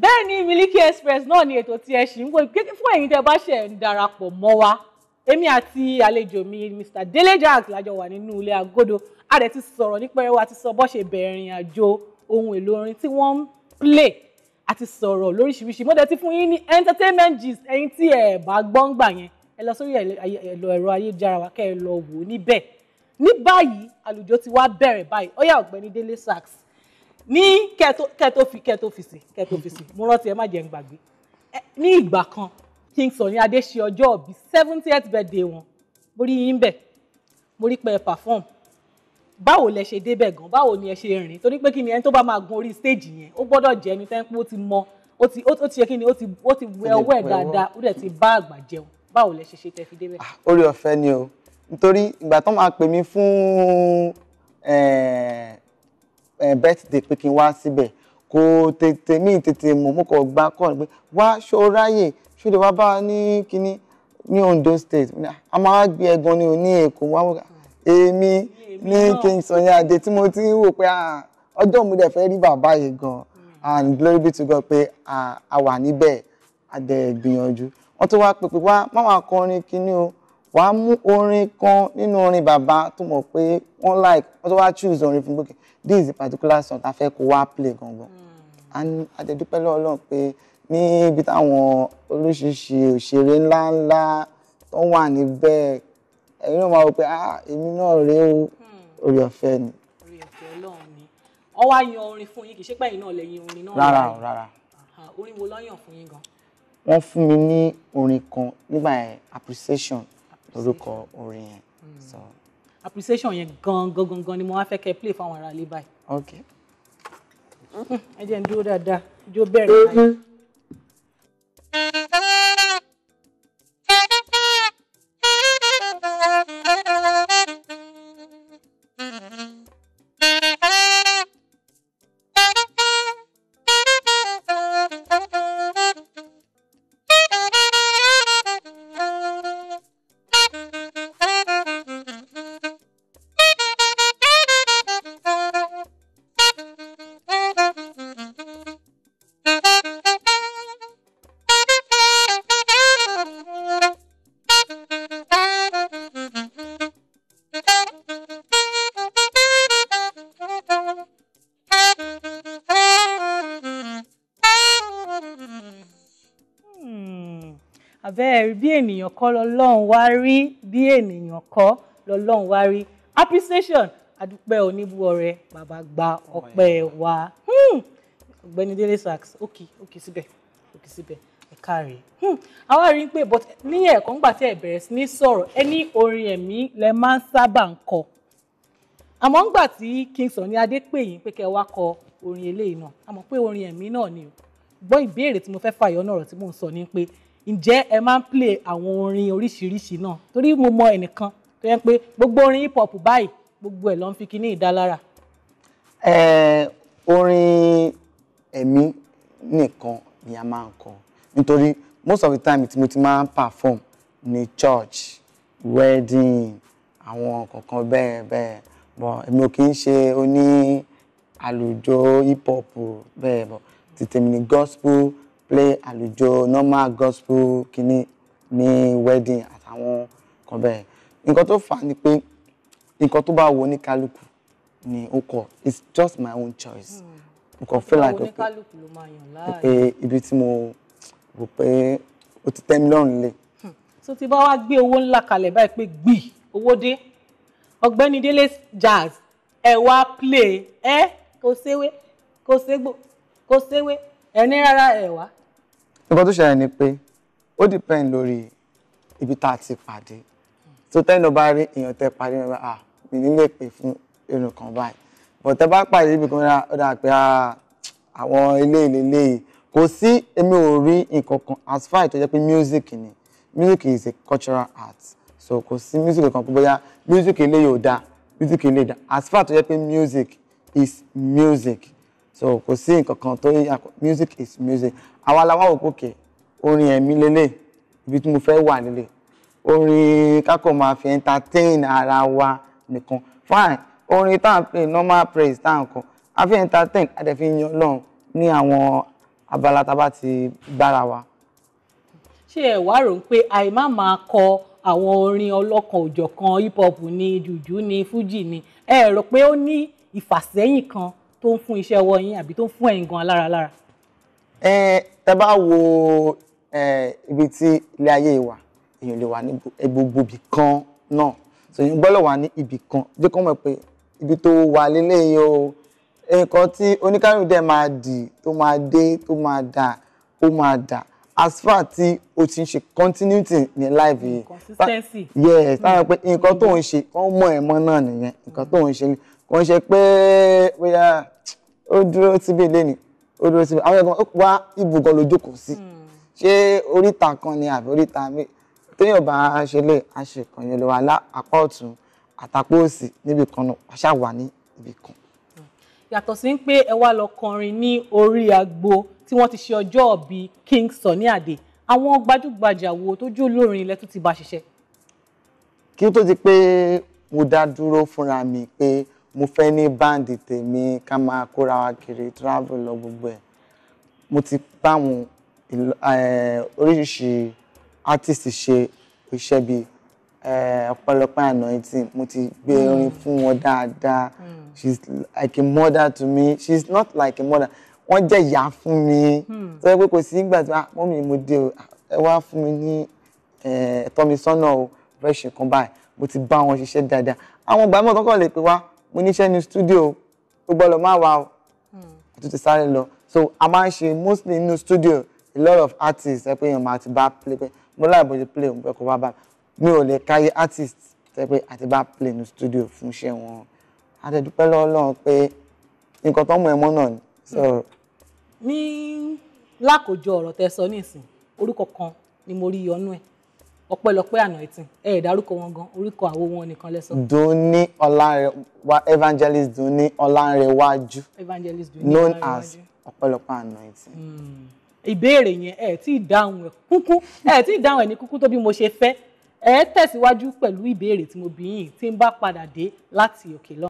bẹ́ẹ̀ ni Miliki Express náà ni ètò tí ẹ ṣì ń wò fún ẹ̀yin tẹ́ bá ṣe ń darapọ̀ mọ́ wa èmi àti àlejò mi Mr Dele Jacks lájọ wà nínú ilé agodo a dẹ̀ ti sọ̀rọ̀ ní pẹ́rẹ́wọ́ àti sọ bó ṣe bẹ̀rẹ̀ ìrìn àjò ohun èlò orin tí wọ́n ń play àti sọ̀rọ̀ lóríṣiríṣi mo dẹ̀ ti fún yín ní entertainment gist ẹ̀yin tí ẹ bá gbọ́n gbà yẹn ẹ lọ sórí ẹ̀lọ ẹ̀rọ ayélujára wa kẹ́ ẹ lọ wò ó níbẹ̀ ní báyìí àlùjọ ti wá bẹ̀rẹ̀ báyìí ó yá ọ̀gbẹ́ni Dele Jacks ní kẹtó fi kẹtó fi sí kẹtó fi sí mo rántí ẹ má jẹ́ n gbàgbé ní ìgbà kan King Sunny Adé ṣe ọjọ́ ọ̀bí seventieth birthday wọn mo rí yín bẹ̀ mo rí pé ẹ perform báwo lẹ ṣe débẹ̀ gan báwo ni ẹ ṣe rìn torí pé kí ni ẹni tó bá máa gun orí stage yẹn ó gbọ́dọ̀ jẹ́ ẹni tẹ́ ń pé ó ti mọ ó ti ó ti ṣe kí ni ó ti ó ti wẹ ọwọ́ ẹ̀ dáadáa ó dẹ̀ ti bá àgbà jẹun báwo lẹ ṣe ṣe tẹ́ fi débẹ̀. Ah, orí ọ̀fẹ́ ni o nítorí ìgbà tó máa pè mí fún eh, Eh, birthday pé kí n wá síbẹ̀ kò tètè mí tètè mọ̀ mo kàn gba kọ́ pé wá ṣó ráyè ṣó lè wá bá a ní kínní ní Ondo state a máa gbé ẹgan ní òní Èkó wá wọ́n èmi ní kí n sọ yẹn àdé tí mo ti ń wò pé ah, ọjọ́ mi dẹ̀ fẹ́ rí bàbá yìí gan and glory be to God pé ah, a wà níbẹ̀ àdẹ̀ gbìyànjú wọ́n tó wá pèpè wá máa wà kọrin kínní o wàá mú orin kan nínú orin bàbá tó mọ̀ pé wọ́n like wọ́n tó wá choose orin fún gbòkè this is a particular song tá a fẹ́ kó wá play gangan and àdẹ̀dúpẹ́ lọ́wọ́ Ọlọ́run pé níbi táwọn oríṣiríṣi òṣèré ńláńlá tó wà níbẹ̀ ẹ̀yin náà máa wò pé ah èmi náà rèé o orí ọ̀fẹ́ ni. orí ọ̀fẹ́ Ọlọ́run ni wọ́n wá yan orin fún yín kì í ṣe pé ẹ̀yin náà lẹ́yìn orin náà. rárá o rárá. orin wo ló yàn fún yín gan. wọ́n fún mi ní orin kan nígbà appreciation orúkọ orin yẹn. Hmm. so appreciation yẹn gan gan gan gan ni mo wá fẹ́ kẹ́ play fáwọn ará ilé báyìí. ok. Hmm, ẹ jẹ́ ń dúró dáadáa ijó bẹ̀rẹ̀ báyìí. àbẹ́ẹ̀ bí ènìyàn kọ́ lọ́lọ́run wá rí bí ènìyàn kọ́ lọ́lọ́run wá rí appreciation adúpẹ́ oníbú ọrẹ bàbá gba ọpẹ́ wa hmm, ọ̀gbẹ́ni Délé Sachs òkè òkè síbẹ̀ òkè síbẹ̀ ẹ̀ka rẹ̀ àwa rí i pé but ní ẹ̀kọ́ ńgbà tí ẹ bẹ̀rẹ̀ sí ní sọ̀rọ̀ ẹni orin ẹ̀mí lẹ máa ń sábà ń kọ àmọ́ ńgbà tí Kingston ní adé pè yín pé kẹ́ wá kọ orin eléyìí náà àmọ́ pé orin ẹ̀mí náà ni gbọ́ ìbéèrè tí mo fẹ́ fàyọ́ náà rọ̀ tí mò ń sọ ni pé ǹjẹ́ ẹ máa ń play àwọn orin oríṣiríṣi náà torí mo mọ ẹnìkan tó yẹ pé gbogbo orin hip hop báyìí gbogbo ẹ̀ ló ń fi kíní ìdálára. ẹ orin ẹ̀mí nìkan ni a máa ń kọ nítorí most of the time tí mo ti máa ń perform ní church wedding àwọn kankan bẹ́ẹ̀ bẹ́ẹ̀ bọ̀ èmi ò kì í ṣe oní àlùjọ hip hop bẹ́ẹ̀ bọ̀ tètè mi ni gospel play àlùjọ normal gospel kìíní ní wedding àtàwọn kan bẹ́ẹ̀ nǹkan tó fà á ni pé nǹkan tó bá wọ ní kálukú ni ó kọ it's just my own choice hmm. mo feel like pé ibi tí mo rò pé ó ti tẹ́ mi lọ́rùn lé. tó hmm. ti bá wá gbé owó ńlá kalẹ̀ báyìí pé gbì owó dé ọ̀gbẹ́ni Délé Jazz ẹ wá play ẹ kò séwé kò ségbò kò séwé ẹ ní rárá ẹ wá nǹkan tó ṣẹlẹ̀ ni pé ó depend lórí ibi tá a ti pàdé So tẹ́nu bá rí èèyàn tẹ́ pàdé nígbà ah mi nílé pè fún irun kan báyìí but tẹ́ bá pàdé ibi kan ó dà pé àwọn ilé ìlélẹ́ yìí kò sí èmi ò rí nǹkan kan as far as tó jẹ́ pé music ni music is a cultural art so kò sí music kan pé bóyá music eléyìí ò dáa music eléyìí dáa as far as tó jẹ́ pé music is music so kò sí nǹkan kan tó yà music is music àwa la wá òkòkè orin ẹ̀mí lélẹ̀ ibi tí mo fẹ́ wà lélẹ̀ orin kákò máa fi entertain ara wa nìkan fine orin tá à ń pè normal praise tá à ń kọ a fi entertain a dẹ̀ fi yan Ọlọ́run ní àwọn abala tá a bá ti gbára wa. ṣé ẹ wá rò ó pé àìmá máa kọ àwọn orin ọlọ́kan òjọ̀kan hip hop ni jùjú ni fújì ni ẹ rò pé ó ní ìfàsẹ́yìn kan tó ń fún iṣẹ́ ọwọ́ yín àbí tó ń fún ẹ̀yin gan lára lára. ẹ tẹ bá wo ibi tí ilé ayé wà èèyàn lè wà ní gbogbo ibì kan náà sèyìn gbọ́dọ̀ wà ní ibì kan jẹ́ kó mọ̀ pé ibi tó wà lélẹ́yìn o nǹkan tí oníkàlù dẹ̀ máa dì tó máa dé tó máa dà ó máa dà as far tí o ti ń ṣe continuity ní life yìí consistency yes táwọn pé nǹkan tó ń ṣe wọ́n mọ̀ ẹ̀ mọ́ náà nìyẹn nǹkan tó ń ṣe ni kò ń ṣe pé bóyá ó dúró síbi ilé ni ó dúró síbi àwọn ẹ̀gbọ́n ó wá ibùgàn lójú kò sí ṣé oríta kan ni àbí oríta mi téèyàn bá ṣe lè àṣekànyẹ lọ wà lápá ọ̀tún àtàpó òsì níbi kan náà àṣà wà ní ibì kan. yàtọ̀ sí pé ẹ wá lọ kọrin ní orí agbo tí wọ́n ti ṣe ọjọ́ ọ̀bí King Sunny Adé àwọn gbajúgbajà wo tó jó lórin ilẹ̀ tó ti bá ṣiṣẹ́. kí tó ti pé mo dá dúró fúnra mi pé mo fẹ́ ní báǹdì tèmi ká máa kóra wa kiri travel lọ gbogbo ẹ̀ mo ti báwọn oríṣiríṣi artist ṣe iṣẹ́ bíi ọ̀pọ̀lọpọ̀ anointing mo ti gbé hmm. orin fún wọn dáadáa hmm. she's like a mother to me she's not like a mother wọ́n jẹ́ ìyá fún mi sọ hmm. pé kò sí ìgbà tí wọ́n mi mo dé o ẹ wá fún mi ní ẹ̀tọ́ mi sọ́nà o fẹ́ ṣe kan báyìí mo ti bá wọn ṣiṣẹ́ dáadáa àwọn ìgbà mọ̀ tọ́kọ̀ lè pè wá mo níṣẹ́ ní studio o gbọ́dọ̀ má wà o kò hmm. tún ti sáré lọ so a máa ń ṣe mostly nínú studio a lot of artists ẹ pé èèyàn máa ti bá play pé mo láì bójú play òun fẹ́ kó wá bá mi ò lè káyé artist ẹ pé àti bá play ní studio fún iṣẹ́ wọn a ti dúpẹ́ lọ́wọ́ lọ́wọ́ pé nǹkan tó mọ ẹmọ náà ni. Hmm. ní lákòjọ ọ̀rọ̀ tẹ sọ nísìn orúkọ kan ni mo rí yọnú ẹ̀ ọpẹ́lọpẹ́ anointing ẹ ẹ dárúkọ wọn gan orúkọ àwo wọn nìkan lẹsọ. dunni ọlárẹwà evangelist dunni ọlárẹwájú evangelist known as ọpẹ́lọpẹ́ anointing. Hmm. ìbéèrè yẹn ẹ tí ì dáhùn ẹ kúkú ẹ tí ì dáhùn ẹ ní kúkú tó bí mo ṣe fẹ́ ẹ tẹ̀síwájú pẹ̀lú ìbéèrè tí mo bí yín tí ń bá padà dé láti òkè lọ.